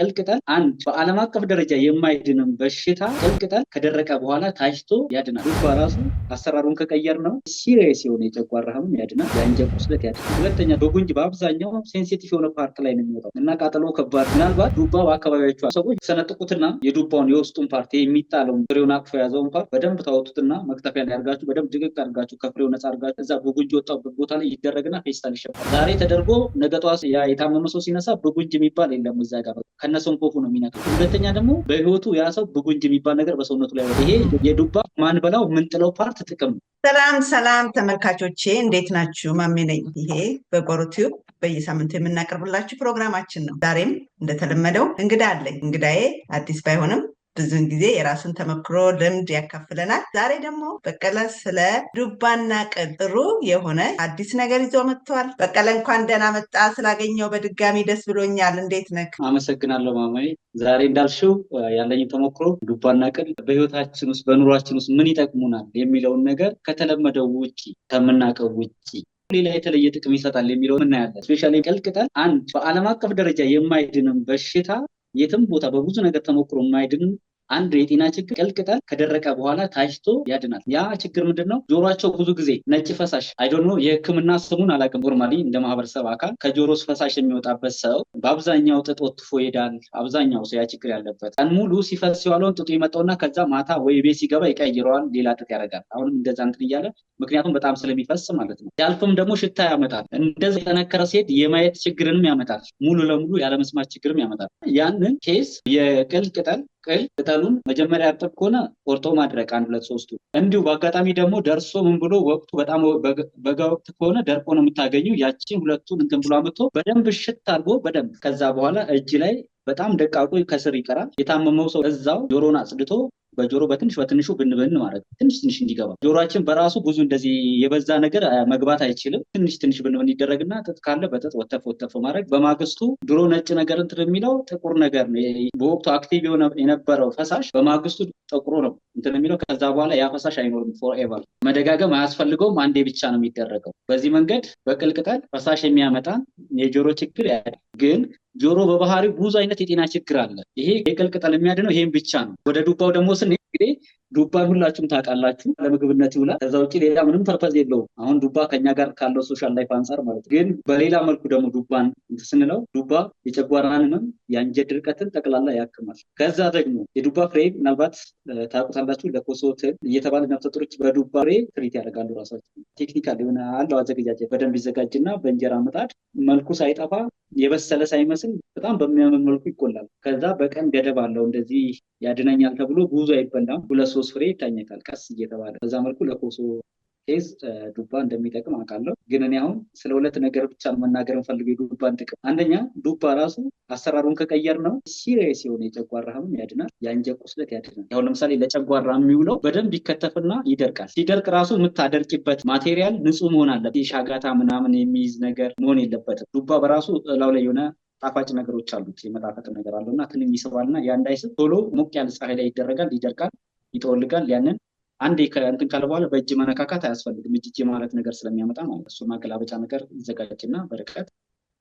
ቅልቅጠል አንድ በዓለም አቀፍ ደረጃ የማይድንም በሽታ ቅልቅጠል ከደረቀ በኋላ ታሽቶ ያድናል። ዱባ ራሱ አሰራሩን ከቀየር ነው ሲሪየስ የሆነ የጨጓራ ህመም ያድናል፣ የአንጀት ቁስለት ያድናል። ሁለተኛ በጉንጅ በአብዛኛው ሴንሲቲቭ የሆነ ፓርት ላይ ነው የሚወጣው እና ቃጠሎ ከባድ። ምናልባት ዱባ በአካባቢያቸ ሰዎች ሰነጥቁትና የዱባውን የውስጡን ፓርት የሚጣለውን ፍሬውን አቅፎ የያዘውን ፓርት በደንብ ታወጡትና መክተፊያ ላይ አድርጋችሁ በደንብ ድቅቅ አርጋችሁ ከፍሬው ነጻ አርጋችሁ እዛ በጉንጅ የወጣበት ቦታ ላይ ይደረግና ፌስታል ይሸፋል። ዛሬ ተደርጎ ነገ ያ የታመመ ሰው ሲነሳ በጉንጅ የሚባል የለም እዛ ጋር ከነሰውን ኮፉ ነው የሚነካው። ሁለተኛ ደግሞ በህይወቱ ያ ሰው ብጉንጅ የሚባል ነገር በሰውነቱ ላይ ይሄ የዱባ ማን ማንበላው ምንጥለው ፓርት ጥቅም ሰላም ሰላም ተመልካቾቼ እንዴት ናችሁ? ማሜ ነኝ። ይሄ በጎሮ ቲዩብ በየሳምንቱ የምናቀርብላችሁ ፕሮግራማችን ነው። ዛሬም እንደተለመደው እንግዳ አለኝ። እንግዳዬ አዲስ ባይሆንም ብዙን ጊዜ የራሱን ተመክሮ ልምድ ያካፍለናል። ዛሬ ደግሞ በቀለ ስለ ዱባና ቅል ጥሩ የሆነ አዲስ ነገር ይዞ መጥተዋል። በቀለ እንኳን ደህና መጣ። ስላገኘው በድጋሚ ደስ ብሎኛል። እንዴት ነክ? አመሰግናለሁ ማማይ። ዛሬ እንዳልሽው ያለኝ ተሞክሮ ዱባና ቅል በህይወታችን ውስጥ በኑሯችን ውስጥ ምን ይጠቅሙናል የሚለውን ነገር ከተለመደው ውጭ ከምናውቀው ውጭ ሌላ የተለየ ጥቅም ይሰጣል የሚለው እናያለን። ስፔሻሊ ቅል ቅጠል አንድ በዓለም አቀፍ ደረጃ የማይድንም በሽታ የትም ቦታ በብዙ ነገር ተሞክሮ የማይድን አንድ የጤና ችግር ቀልቅጠን ከደረቀ በኋላ ታሽቶ ያድናል። ያ ችግር ምንድን ነው? ጆሮቸው ብዙ ጊዜ ነጭ ፈሳሽ አይዶኖ የህክምና ስሙን አላውቅም። ኖርማሊ እንደ ማህበረሰብ አካል ከጆሮ ፈሳሽ የሚወጣበት ሰው በአብዛኛው ጥጥ ወትፎ ይሄዳል። አብዛኛው ሰው ያ ችግር ያለበት ቀን ሙሉ ሲፈስ ሲዋለውን ጥጡ ይመጣውና ከዛ ማታ ወይ ቤት ሲገባ ይቀይረዋል፣ ሌላ ጥጥ ያደርጋል። አሁንም እንደዛ እንትን እያለ ምክንያቱም በጣም ስለሚፈስ ማለት ነው። ሲያልፍም ደግሞ ሽታ ያመጣል። እንደዚ የጠነከረ ሴት የማየት ችግርንም ያመጣል። ሙሉ ለሙሉ ያለመስማት ችግርም ያመጣል። ያንን ኬስ የቅል ቅጠል ቅል ቅጠሉን መጀመሪያ እርጥብ ከሆነ ቆርጦ ማድረቅ አንድ ሁለት ሶስቱ። እንዲሁ በአጋጣሚ ደግሞ ደርሶ ምን ብሎ ወቅቱ በጣም በጋ ወቅት ከሆነ ደርቆ ነው የምታገኘው። ያችን ሁለቱን እንትን ብሎ አምጥቶ በደንብ እሽት አድርጎ በደንብ ከዛ በኋላ እጅ ላይ በጣም ደቃቁ ከስር ይቀራል። የታመመው ሰው እዛው ጆሮን አጽድቶ በጆሮ በትንሽ በትንሹ ብንብን ማለት ትንሽ ትንሽ እንዲገባ ጆሮችን በራሱ ብዙ እንደዚህ የበዛ ነገር መግባት አይችልም። ትንሽ ትንሽ ብንብን ይደረግና ጥጥ ካለ በጥጥ ወተፍ ወተፍ ማድረግ። በማግስቱ ድሮ ነጭ ነገር እንትን የሚለው ጥቁር ነገር በወቅቱ አክቲቭ የነበረው ፈሳሽ በማግስቱ ጠቁሮ ነው እንትን የሚለው። ከዛ በኋላ ያ ፈሳሽ አይኖርም። ፎርኤቨር መደጋገም አያስፈልገውም። አንዴ ብቻ ነው የሚደረገው። በዚህ መንገድ በቅል ቅጠል ፈሳሽ የሚያመጣ የጆሮ ችግር ግን ጆሮ በባህሪው ብዙ አይነት የጤና ችግር አለ። ይሄ የቅል ቅጠል የሚያድነው ይሄም ብቻ ነው። ወደ ዱባው ደግሞ ስን እንግዲህ ዱባን ሁላችሁም ታውቃላችሁ፣ ለምግብነት ይውላል። ከዛ ውጭ ሌላ ምንም ፐርፐዝ የለውም። አሁን ዱባ ከኛ ጋር ካለው ሶሻል ላይፍ አንጻር ማለት ነው። ግን በሌላ መልኩ ደግሞ ዱባን ስንለው ዱባ የጨጓራን ህመም፣ የአንጀት ድርቀትን ጠቅላላ ያክማል። ከዛ ደግሞ የዱባ ፍሬ ምናልባት ታውቁታላችሁ፣ ለኮሶ ትል እየተባለ ነፍሰጡሮች በዱባ ፍሬ ትሪት ያደርጋሉ። ራሳቸው ቴክኒካል የሆነ አለው አዘገጃጀት በደንብ ይዘጋጅና በእንጀራ ምጣድ መልኩ ሳይጠፋ የበሰለ ሳይመስል በጣም በሚያምን መልኩ ይቆላል። ከዛ በቀን ገደብ አለው። እንደዚህ ያድነኛል ተብሎ ብዙ አይበላም። ሁለት ሶስት ፍሬ ይታኘታል ቀስ እየተባለ በዛ መልኩ ለኮሶ ኬዝ ዱባ እንደሚጠቅም አውቃለሁ። ግን እኔ አሁን ስለ ሁለት ነገር ብቻ መናገር እንፈልገው የዱባን ጥቅም። አንደኛ ዱባ ራሱ አሰራሩን ከቀየር ነው ሲሪየስ የሆነ የጨጓራ ህመም ያድናል፣ የአንጀት ቁስለት ያድናል። ያሁን ለምሳሌ ለጨጓራ የሚውለው በደንብ ይከተፍና ይደርቃል። ሲደርቅ ራሱ የምታደርቂበት ማቴሪያል ንጹህ መሆን አለበት። ሻጋታ ምናምን የሚይዝ ነገር መሆን የለበትም። ዱባ በራሱ እላው ላይ የሆነ ጣፋጭ ነገሮች አሉት፣ የመጣፈጥ ነገር አለው እና ትንኝ ይስባልና ያ እንዳይስብ ቶሎ ሞቅ ያለ ፀሐይ ላይ ይደረጋል፣ ይደርቃል፣ ይጠወልጋል ያንን አንዴ እንትን ካለ በኋላ በእጅ መነካካት አያስፈልግም። እጅ ማለት ነገር ስለሚያመጣ ማለት እሱ ማገላበጫ ነገር ይዘጋጅና በርቀት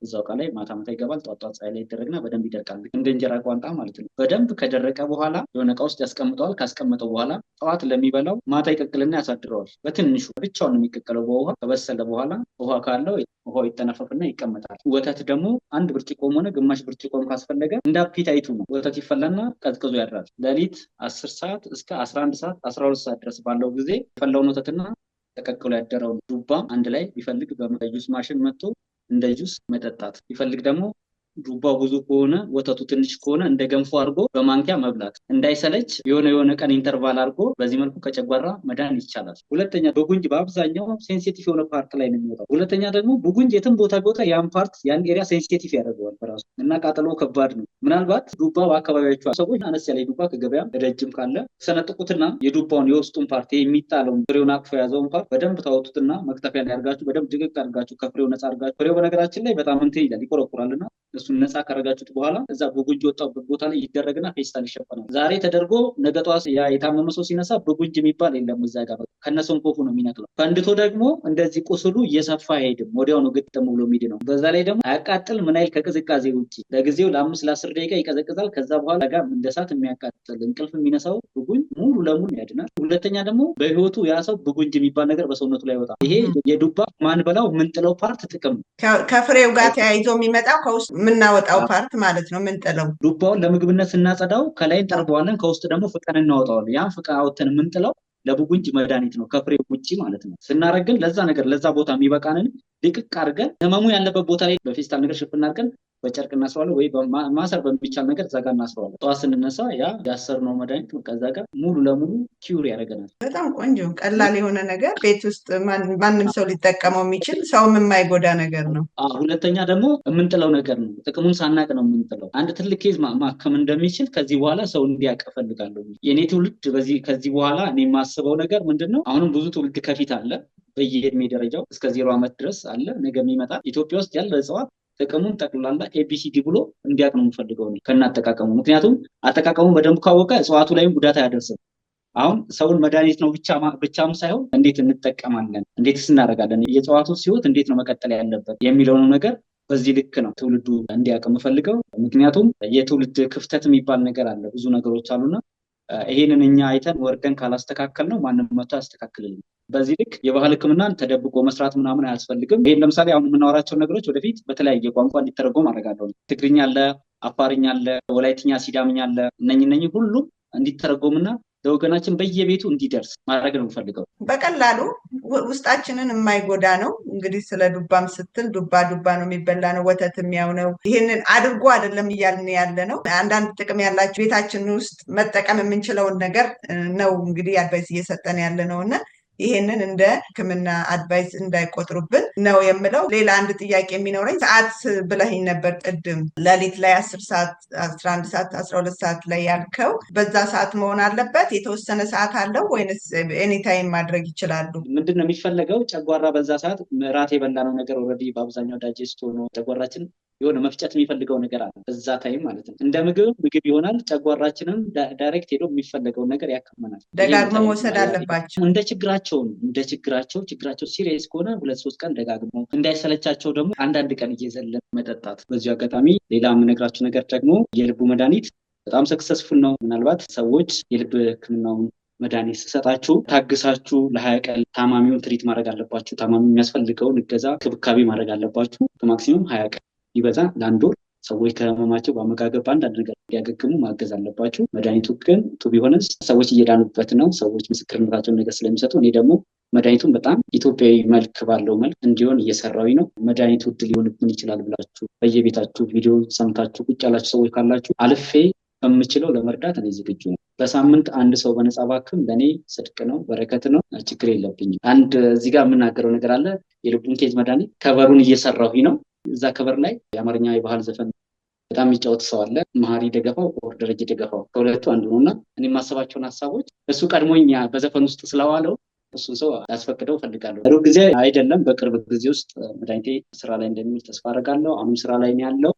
እዛው እቃ ላይ ማታ ማታ ይገባል። ጠዋት ጠዋት ፀሐይ ላይ ይደረግና በደንብ ይደርቃል። እንደ እንጀራ ቋንጣ ማለት ነው። በደንብ ከደረቀ በኋላ የሆነ እቃ ውስጥ ያስቀምጠዋል። ካስቀመጠው በኋላ ጠዋት ለሚበላው ማታ ይቀቅልና ያሳድረዋል። በትንሹ ብቻውን የሚቀቀለው በውሃ ከበሰለ በኋላ ውሃ ካለው ውሃው ይጠነፈፍና ይቀመጣል። ወተት ደግሞ አንድ ብርጭቆም ሆነ ግማሽ ብርጭቆም ካስፈለገ እንደ አፒታይቱ ነው። ወተት ይፈላና ቀዝቅዞ ያድራል። ሌሊት አስር ሰዓት እስከ አስራ አንድ ሰዓት አስራ ሁለት ሰዓት ድረስ ባለው ጊዜ የፈላውን ወተትና ተቀቅሎ ያደረውን ዱባ አንድ ላይ ቢፈልግ በጁስ ማሽን መጥቶ እንደ ጁስ መጠጣት ይፈልግ ደግሞ ዱባው ብዙ ከሆነ ወተቱ ትንሽ ከሆነ እንደ ገንፎ አድርጎ በማንኪያ መብላት እንዳይሰለች የሆነ የሆነ ቀን ኢንተርቫል አድርጎ በዚህ መልኩ ከጨጓራ መዳን ይቻላል። ሁለተኛ በጉንጅ በአብዛኛው ሴንሲቲቭ የሆነ ፓርት ላይ ነው የሚወጣው። ሁለተኛ ደግሞ ብጉንጅ የትም ቦታ ቢወጣ ያን ፓርት ያን ኤሪያ ሴንሲቲቭ ያደርገዋል በራሱ እና ቃጠሎ ከባድ ነው። ምናልባት ዱባ በአካባቢያቸ ሰዎች አነስ ያለ ዱባ ከገበያ ረጅም ካለ ሰነጥቁትና የዱባውን የውስጡን ፓርት የሚጣለውን ፍሬውን አቅፎ የያዘውን ፓርት በደንብ ታወጡትና መክተፊያ ላይ አድርጋችሁ በደንብ ድቅቅ አድርጋችሁ ከፍሬው ነፃ አድርጋችሁ ፍሬው በነገራችን ላይ በጣም እንትን ይላል ይቆረቁራልና እሱን ነፃ ካረጋችሁት በኋላ እዛ በጎጅ የወጣበት ቦታ ላይ ይደረግና ፌስታል ይሸፈናል። ዛሬ ተደርጎ ነገ ጠዋት የታመመ ሰው ሲነሳ በጎጅ የሚባል የለም። እዛ ጋር ከነሰንኮፉ ነው የሚነቅለው። ፈንድቶ ደግሞ እንደዚህ ቁስሉ እየሰፋ አይሄድም፣ ወዲያው ነው ግጥም ብሎ ሚድ ነው። በዛ ላይ ደግሞ አያቃጥል ምን ያህል ከቅዝቃዜ ውጭ ለጊዜው ለአምስት ለአስር ደቂቃ ይቀዘቅዛል። ከዛ በኋላ ጋር እንደሳት የሚያቃጥል እንቅልፍ የሚነሳው ብጉኝ ሙሉ ለሙሉ ያድናል። ሁለተኛ ደግሞ በህይወቱ ያ ሰው ብጉንጅ የሚባል ነገር በሰውነቱ ላይ ይወጣል። ይሄ የዱባ ማንበላው ምንጥለው ፓርት ጥቅም ነው። ከፍሬው ጋር ተያይዞ የሚመጣው ከውስጥ የምናወጣው ፓርት ማለት ነው የምንጥለው። ዱባውን ለምግብነት ስናጸዳው ከላይ እንጠርበዋለን፣ ከውስጥ ደግሞ ፍቀን እናወጣዋለን። ያን ፍቀ አውጥተን የምንጥለው ለቡጉንጅ መድኃኒት ነው ከፍሬ ውጭ ማለት ነው። ስናደርግ ግን ለዛ ነገር ለዛ ቦታ የሚበቃንን ልቅቅ አድርገን ህመሙ ያለበት ቦታ ላይ በፌስታል ነገር ሽፍን አድርገን በጨርቅ እናስረዋለን ወይ ማሰር በሚቻል ነገር እዛ ጋር እናስረዋለን። ጠዋት ስንነሳ ያ ያሰርነው መድኃኒት ከዛ ጋር ሙሉ ለሙሉ ኪውር ያደርገናል። በጣም ቆንጆ ቀላል የሆነ ነገር ቤት ውስጥ ማንም ሰው ሊጠቀመው የሚችል ሰውም የማይጎዳ ነገር ነው። ሁለተኛ ደግሞ የምንጥለው ነገር ነው። ጥቅሙን ሳናቅ ነው የምንጥለው። አንድ ትልቅ ኬዝ ማከም እንደሚችል ከዚህ በኋላ ሰው እንዲያውቅ እፈልጋለሁ። የእኔ ትውልድ ከዚህ በኋላ እኔ የማስበው ነገር ምንድን ነው? አሁንም ብዙ ትውልድ ከፊት አለ በየእድሜ ደረጃው እስከ ዜሮ ዓመት ድረስ አለ። ነገ የሚመጣ ኢትዮጵያ ውስጥ ያለ እጽዋት ጥቅሙን ጠቅላላ ኤቢሲዲ ብሎ እንዲያቅ ነው የምፈልገው አጠቃቀሙ። ምክንያቱም አጠቃቀሙ በደንብ ካወቀ እጽዋቱ ላይም ጉዳት አያደርስም። አሁን ሰውን መድኃኒት ነው ብቻም ሳይሆን እንዴት እንጠቀማለን፣ እንዴትስ እናደርጋለን፣ የእጽዋቱ ህይወት እንዴት ነው መቀጠል ያለበት የሚለውን ነገር በዚህ ልክ ነው ትውልዱ እንዲያውቅ የምፈልገው። ምክንያቱም የትውልድ ክፍተት የሚባል ነገር አለ፣ ብዙ ነገሮች አሉና ይሄንን እኛ አይተን ወርደን ካላስተካከል ነው ማንም መቶ አያስተካክልልም። በዚህ ልክ የባህል ህክምናን ተደብቆ መስራት ምናምን አያስፈልግም። ይህም ለምሳሌ አሁን የምናወራቸው ነገሮች ወደፊት በተለያየ ቋንቋ እንዲተረጎም አደርጋለሁ። ትግርኛ አለ፣ አፋርኛ አለ፣ ወላይትኛ፣ ሲዳምኛ አለ። እነኝ እነኝ ሁሉም እንዲተረጎምና ለወገናችን በየቤቱ እንዲደርስ ማድረግ ነው የምፈልገው። በቀላሉ ውስጣችንን የማይጎዳ ነው። እንግዲህ ስለ ዱባም ስትል ዱባ ዱባ ነው የሚበላ ነው፣ ወተት የሚያው ነው። ይህንን አድርጎ አይደለም እያልን ያለ ነው። አንዳንድ ጥቅም ያላቸው ቤታችን ውስጥ መጠቀም የምንችለውን ነገር ነው እንግዲህ አድቫይስ እየሰጠን ያለ ነው እና ይሄንን እንደ ሕክምና አድቫይስ እንዳይቆጥሩብን ነው የምለው። ሌላ አንድ ጥያቄ የሚኖረኝ ሰዓት ብለኝ ነበር ቅድም ሌሊት ላይ አስር ሰዓት አስራ አንድ ሰዓት አስራ ሁለት ሰዓት ላይ ያልከው በዛ ሰዓት መሆን አለበት? የተወሰነ ሰዓት አለው ወይንስ ኤኒታይም ማድረግ ይችላሉ? ምንድን ነው የሚፈለገው? ጨጓራ በዛ ሰዓት ራት የበላነው ነገር ኦልሬዲ በአብዛኛው ዳጀስት ሆኖ ጨጓራችን የሆነ መፍጨት የሚፈልገው ነገር አለ እዛ ታይም ማለት ነው። እንደ ምግብ ምግብ ይሆናል። ጨጓራችንም ዳይሬክት ሄዶ የሚፈለገውን ነገር ያከመናል። ደጋግሞ መውሰድ አለባቸው። እንደ ችግራቸው ነው እንደ ችግራቸው ችግራቸው ሲሪየስ ከሆነ ሁለት ሶስት ቀን ደጋግሞ እንዳይሰለቻቸው ደግሞ አንዳንድ ቀን እየዘለን መጠጣት። በዚሁ አጋጣሚ ሌላ የምነግራቸው ነገር ደግሞ የልቡ መድኃኒት በጣም ሰክሰስፉል ነው። ምናልባት ሰዎች የልብ ህክምናውን መድኃኒት ስሰጣችሁ ታግሳችሁ ለሀያ ቀን ታማሚውን ትሪት ማድረግ አለባችሁ። ታማሚ የሚያስፈልገውን እገዛ ክብካቤ ማድረግ አለባችሁ። በማክሲሙም ሀያ ቀን ቢበዛ ለአንድ ወር ሰዎች ከህመማቸው በአመጋገብ በአንዳንድ ነገር እንዲያገግሙ ማገዝ አለባቸው። መድኃኒቱ ግን ቱ ቢሆንስ ሰዎች እየዳኑበት ነው። ሰዎች ምስክርነታቸውን ነገር ስለሚሰጡ እኔ ደግሞ መድኃኒቱን በጣም ኢትዮጵያዊ መልክ ባለው መልክ እንዲሆን እየሰራዊ ነው። መድኃኒቱ ውድ ሊሆንብን ይችላል ብላችሁ በየቤታችሁ ቪዲዮ ሰምታችሁ ቁጭ ያላችሁ ሰዎች ካላችሁ አልፌ በምችለው ለመርዳት እኔ ዝግጁ ነው። በሳምንት አንድ ሰው በነፃ ባክም ለእኔ ጽድቅ ነው፣ በረከት ነው። ችግር የለብኝም። አንድ እዚህ ጋር የምናገረው ነገር አለ። የልቡን ኬዝ መድኃኒት ከበሩን እየሰራሁኝ ነው። እዛ ከበር ላይ የአማርኛ የባህል ዘፈን በጣም የሚጫወት ሰው አለ። መሀሪ ደገፋው ኦር ደረጀ ደገፋው ከሁለቱ አንዱ ነው እና እኔ የማሰባቸውን ሀሳቦች እሱ ቀድሞኛ በዘፈን ውስጥ ስለዋለው እሱን ሰው ያስፈቅደው እፈልጋለሁ። ሩ ጊዜ አይደለም፣ በቅርብ ጊዜ ውስጥ መድኃኒቴ ስራ ላይ እንደሚል ተስፋ አደርጋለሁ። አሁንም ስራ ላይ ያለው።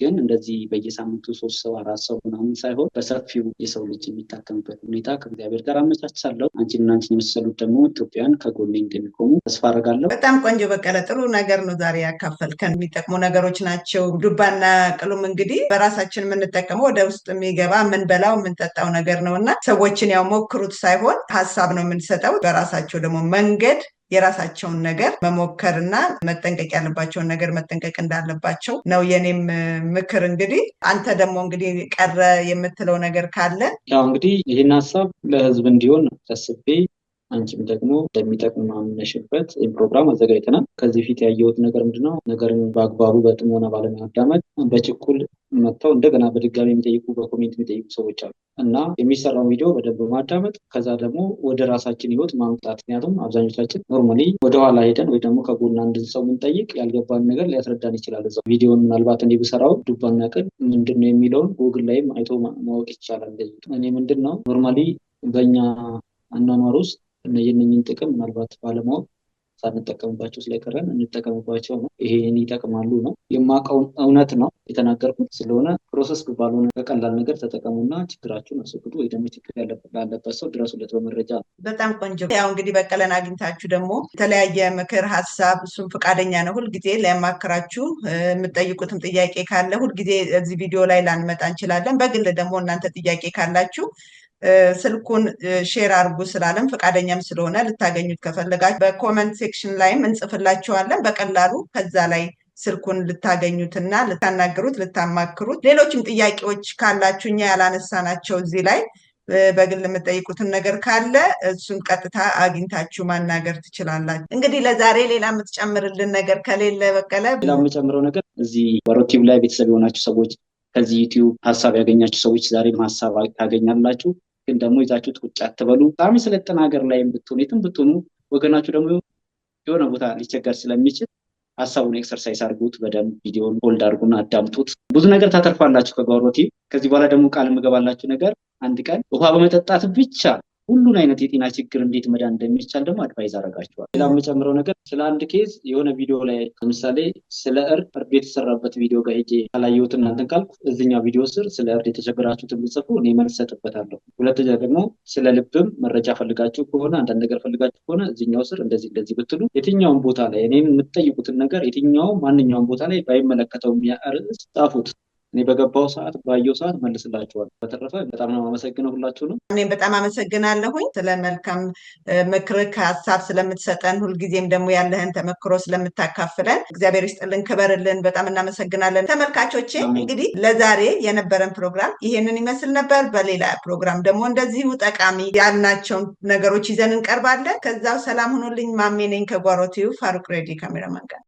ግን እንደዚህ በየሳምንቱ ሶስት ሰው አራት ሰው ምናምን ሳይሆን በሰፊው የሰው ልጅ የሚታከምበት ሁኔታ ከእግዚአብሔር ጋር አመቻችሳለሁ። አንቺን እና አንቺን የመሰሉት ደግሞ ኢትዮጵያን ከጎኔ እንደሚቆሙ ተስፋ አደርጋለሁ። በጣም ቆንጆ በቀለ፣ ጥሩ ነገር ነው ዛሬ ያካፈልከን። የሚጠቅሙ ነገሮች ናቸው። ዱባና ቅሉም እንግዲህ በራሳችን የምንጠቀመው ወደ ውስጥ የሚገባ የምንበላው የምንጠጣው ነገር ነው እና ሰዎችን ያው ሞክሩት ሳይሆን ሀሳብ ነው የምንሰጠው። በራሳቸው ደግሞ መንገድ የራሳቸውን ነገር መሞከር እና መጠንቀቅ ያለባቸውን ነገር መጠንቀቅ እንዳለባቸው ነው የኔም ምክር። እንግዲህ አንተ ደግሞ እንግዲህ ቀረ የምትለው ነገር ካለ ያው እንግዲህ ይህን ሀሳብ ለህዝብ እንዲሆን ተስቤ አንቺም ደግሞ እንደሚጠቅም ማምነሽበት ፕሮግራም አዘጋጅተናል። ከዚህ ፊት ያየሁት ነገር ምንድነው ነገርን በአግባቡ በጥሞና ባለማዳመጥ በችኩል መጥተው እንደገና በድጋሚ የሚጠይቁ በኮሜንት የሚጠይቁ ሰዎች አሉ እና የሚሰራው ቪዲዮ በደንብ ማዳመጥ ከዛ ደግሞ ወደ ራሳችን ህይወት ማምጣት። ምክንያቱም አብዛኞቻችን ኖርማሊ ወደኋላ ሄደን ወይ ደግሞ ከጎና አንድ ሰው ምንጠይቅ ያልገባን ነገር ሊያስረዳን ይችላል። እዛው ቪዲዮን ምናልባት እንዲህ ብሰራው ዱባና ቅል ምንድን ነው የሚለውን ጉግል ላይም አይቶ ማወቅ ይቻላል። እኔ ምንድን ነው ኖርማሊ በእኛ አኗኗር ውስጥ እነኝህን ጥቅም ምናልባት ባለማወቅ ሳንጠቀምባቸው ስለቀረን እንጠቀምባቸው ነው። ይሄን ይጠቅማሉ ነው የማውቀው እውነት ነው የተናገርኩት ስለሆነ ፕሮሰስ ባልሆነ በቀላል ነገር ተጠቀሙና ችግራችሁን አስወግዱ፣ ወይ ደግሞ ችግር ያለበት ሰው ድረሱለት በመረጃ ነው። በጣም ቆንጆ። ያው እንግዲህ በቀለን አግኝታችሁ ደግሞ የተለያየ ምክር ሀሳብ፣ እሱም ፈቃደኛ ነው ሁልጊዜ ሊያማክራችሁ። የምጠይቁትም ጥያቄ ካለ ሁልጊዜ እዚህ ቪዲዮ ላይ ላንመጣ እንችላለን። በግል ደግሞ እናንተ ጥያቄ ካላችሁ ስልኩን ሼር አድርጉ ስላለም ፈቃደኛም ስለሆነ ልታገኙት ከፈለጋችሁ በኮመንት ሴክሽን ላይም እንጽፍላችኋለን። በቀላሉ ከዛ ላይ ስልኩን ልታገኙትና ልታናገሩት ልታማክሩት ሌሎችም ጥያቄዎች ካላችሁ እኛ ያላነሳናቸው እዚህ ላይ በግል የምጠይቁትን ነገር ካለ እሱን ቀጥታ አግኝታችሁ ማናገር ትችላላችሁ። እንግዲህ ለዛሬ ሌላ የምትጨምርልን ነገር ከሌለ በቀለ። ሌላ የምጨምረው ነገር እዚህ በሮቲቭ ላይ ቤተሰብ የሆናችሁ ሰዎች ከዚህ ዩቲዩብ ሀሳብ ያገኛችሁ ሰዎች ዛሬም ሀሳብ ታገኛላችሁ። ግን ደግሞ ይዛችሁት ቁጭ አትበሉ። በጣም የሰለጠነ ሀገር ላይ ብትሆኑ የትም ብትሆኑ ወገናችሁ ደግሞ የሆነ ቦታ ሊቸገር ስለሚችል ሀሳቡን ኤክሰርሳይዝ አድርጉት። በደንብ ቪዲዮን ሆልድ አድርጉና አዳምጡት። ብዙ ነገር ታተርፋላችሁ ከጓሮቲ። ከዚህ በኋላ ደግሞ ቃል የምገባላችሁ ነገር አንድ ቀን ውሃ በመጠጣት ብቻ ሁሉን አይነት የጤና ችግር እንዴት መዳን እንደሚቻል ደግሞ አድቫይዝ አረጋቸዋል። ሌላ የምጨምረው ነገር ስለ አንድ ኬዝ የሆነ ቪዲዮ ላይ ለምሳሌ ስለ እርድ እርድ የተሰራበት ቪዲዮ ጋር ሄጄ ካላየሁት እናንተን ካልኩ እዚኛው ቪዲዮ ስር ስለ እርድ የተቸገራችሁትን ብጽፉ እኔ መልስ እሰጥበታለሁ። ሁለተኛ ደግሞ ስለ ልብም መረጃ ፈልጋችሁ ከሆነ አንዳንድ ነገር ፈልጋችሁ ከሆነ እዚኛው ስር እንደዚህ እንደዚህ ብትሉ የትኛውን ቦታ ላይ እኔም የምትጠይቁትን ነገር የትኛውም ማንኛውም ቦታ ላይ ባይመለከተው ርዕስ ጻፉት። እኔ በገባው ሰዓት ባየው ሰዓት መልስላቸዋል። በተረፈ በጣም ነው አመሰግነው ሁላችሁንም። እኔም በጣም አመሰግናለሁኝ ስለ መልካም ምክርህ ሀሳብ ስለምትሰጠን፣ ሁልጊዜም ደግሞ ያለህን ተመክሮ ስለምታካፍለን እግዚአብሔር ይስጥልን፣ ክበርልን። በጣም እናመሰግናለን። ተመልካቾቼ እንግዲህ ለዛሬ የነበረን ፕሮግራም ይሄንን ይመስል ነበር። በሌላ ፕሮግራም ደግሞ እንደዚሁ ጠቃሚ ያልናቸውን ነገሮች ይዘን እንቀርባለን። ከዛው ሰላም ሁኑልኝ። ማሜ ነኝ ከጓሮቲዩ ፋሩቅ ሬዲ ካሜራ ጋር